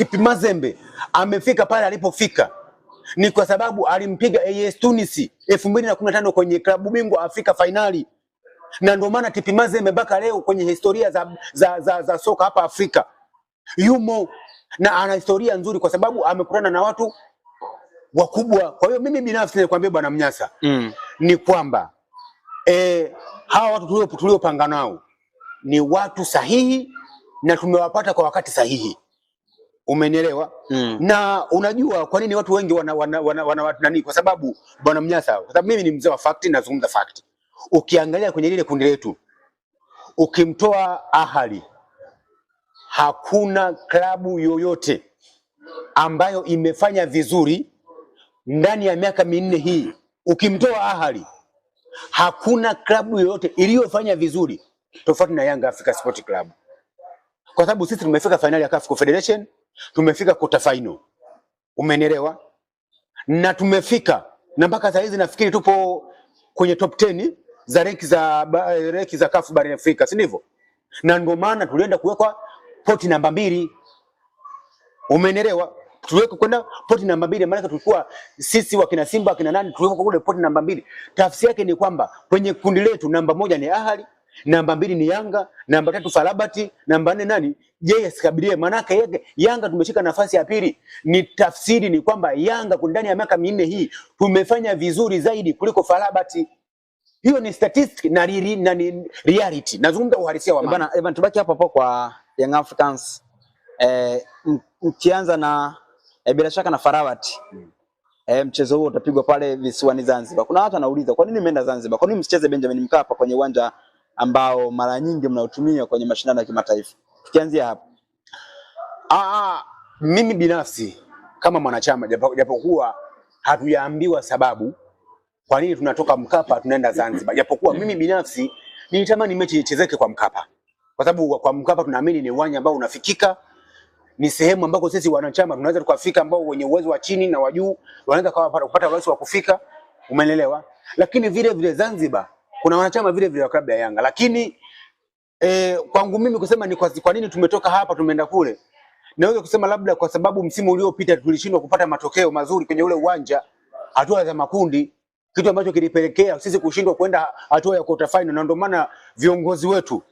Tipi Mazembe amefika pale alipofika ni kwa sababu alimpiga AS Tunis 2015 kwenye klabu bingwa Afrika fainali, na ndio maana Tipi Mazembe mpaka leo kwenye historia za, za, za, za soka hapa Afrika yumo na ana historia nzuri kwa sababu amekutana na watu wakubwa. Kwa hiyo mimi binafsi nikwambia bwana Mnyasa mm. ni kwamba e, hawa watu tuliopanga nao ni watu sahihi na tumewapata kwa wakati sahihi. Umenielewa? mm. na unajua kwa nini watu wengi wana wana, wana, wana, wana nani? Kwa sababu bwana Mnyasa, kwa sababu mimi ni mzee wa fact, nazungumza fact. Ukiangalia kwenye lile kundi letu, ukimtoa Ahali, hakuna klabu yoyote ambayo imefanya vizuri ndani ya miaka minne hii. Ukimtoa Ahali, hakuna klabu yoyote iliyofanya vizuri tofauti na Yanga Africa Sport Club, kwa sababu sisi tumefika fainali ya CAF Confederation tumefika kota final, umenielewa? Na tumefika na mpaka saa hizi nafikiri tupo kwenye top 10 za renki za renki za kafu barani Afrika, si ndivyo? Na ndio maana tulienda kuwekwa poti namba mbili, umenielewa? Tuliweka kwenda poti namba mbili, maana tulikuwa sisi wakina Simba wakina nani, tuliweka kule poti namba mbili. Tafsiri yake ni kwamba kwenye kundi letu namba moja ni Ahali, namba mbili ni Yanga, namba tatu Farabati, namba nne nani yeye asikabilie, maanake Yanga tumeshika nafasi ya pili. Ni tafsiri ni kwamba Yanga ndani ya miaka minne hii tumefanya vizuri zaidi kuliko Farabati. Hiyo ni statistic na, ri, na ni reality, nazungumza uhalisia wa eh, bana. Evan, eh, tubaki hapo hapo kwa Young Africans eh, mkianza na eh, bila shaka na Farabati hmm. E, mchezo huo utapigwa pale visiwani Zanzibar. Kuna watu wanauliza kwa nini umeenda Zanzibar? Kwa nini msicheze Benjamin Mkapa kwenye uwanja ambao mara nyingi mnautumia kwenye mashindano ya kimataifa? tukianzia hapo. Ah, ah, mimi binafsi kama mwanachama, japokuwa hatujaambiwa sababu kwa nini tunatoka Mkapa tunaenda Zanzibar, japokuwa mimi binafsi nilitamani mechi ichezeke kwa Mkapa, kwa sababu kwa Mkapa tunaamini ni uwanja ambao unafikika, ni sehemu ambako sisi wanachama tunaweza tukafika, ambao wenye uwezo wa chini na wa juu wanaweza kupata uwezo wa kufika, umeelewa? Lakini vile vile Zanzibar kuna wanachama vile vile wa klabu ya Yanga, lakini e, kwangu mimi kusema ni kwa, kwa nini tumetoka hapa tumeenda kule, naweza kusema labda kwa sababu msimu uliopita tulishindwa kupata matokeo mazuri kwenye ule uwanja hatua za makundi, kitu ambacho kilipelekea sisi kushindwa kwenda hatua ya quarter final, na ndio maana viongozi wetu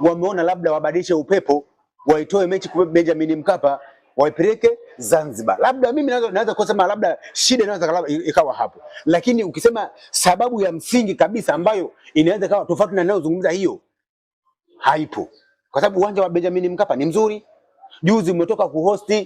wameona labda wabadilishe upepo, waitoe mechi kwa Benjamin Mkapa waipeleke Zanzibar. Labda mimi naweza naweza kusema labda shida inaweza ikawa hapo, lakini ukisema sababu ya msingi kabisa ambayo inaweza kawa tofauti na ninayozungumza hiyo haipo, kwa sababu uwanja wa Benjamin Mkapa ni mzuri. Juzi umetoka kuhosti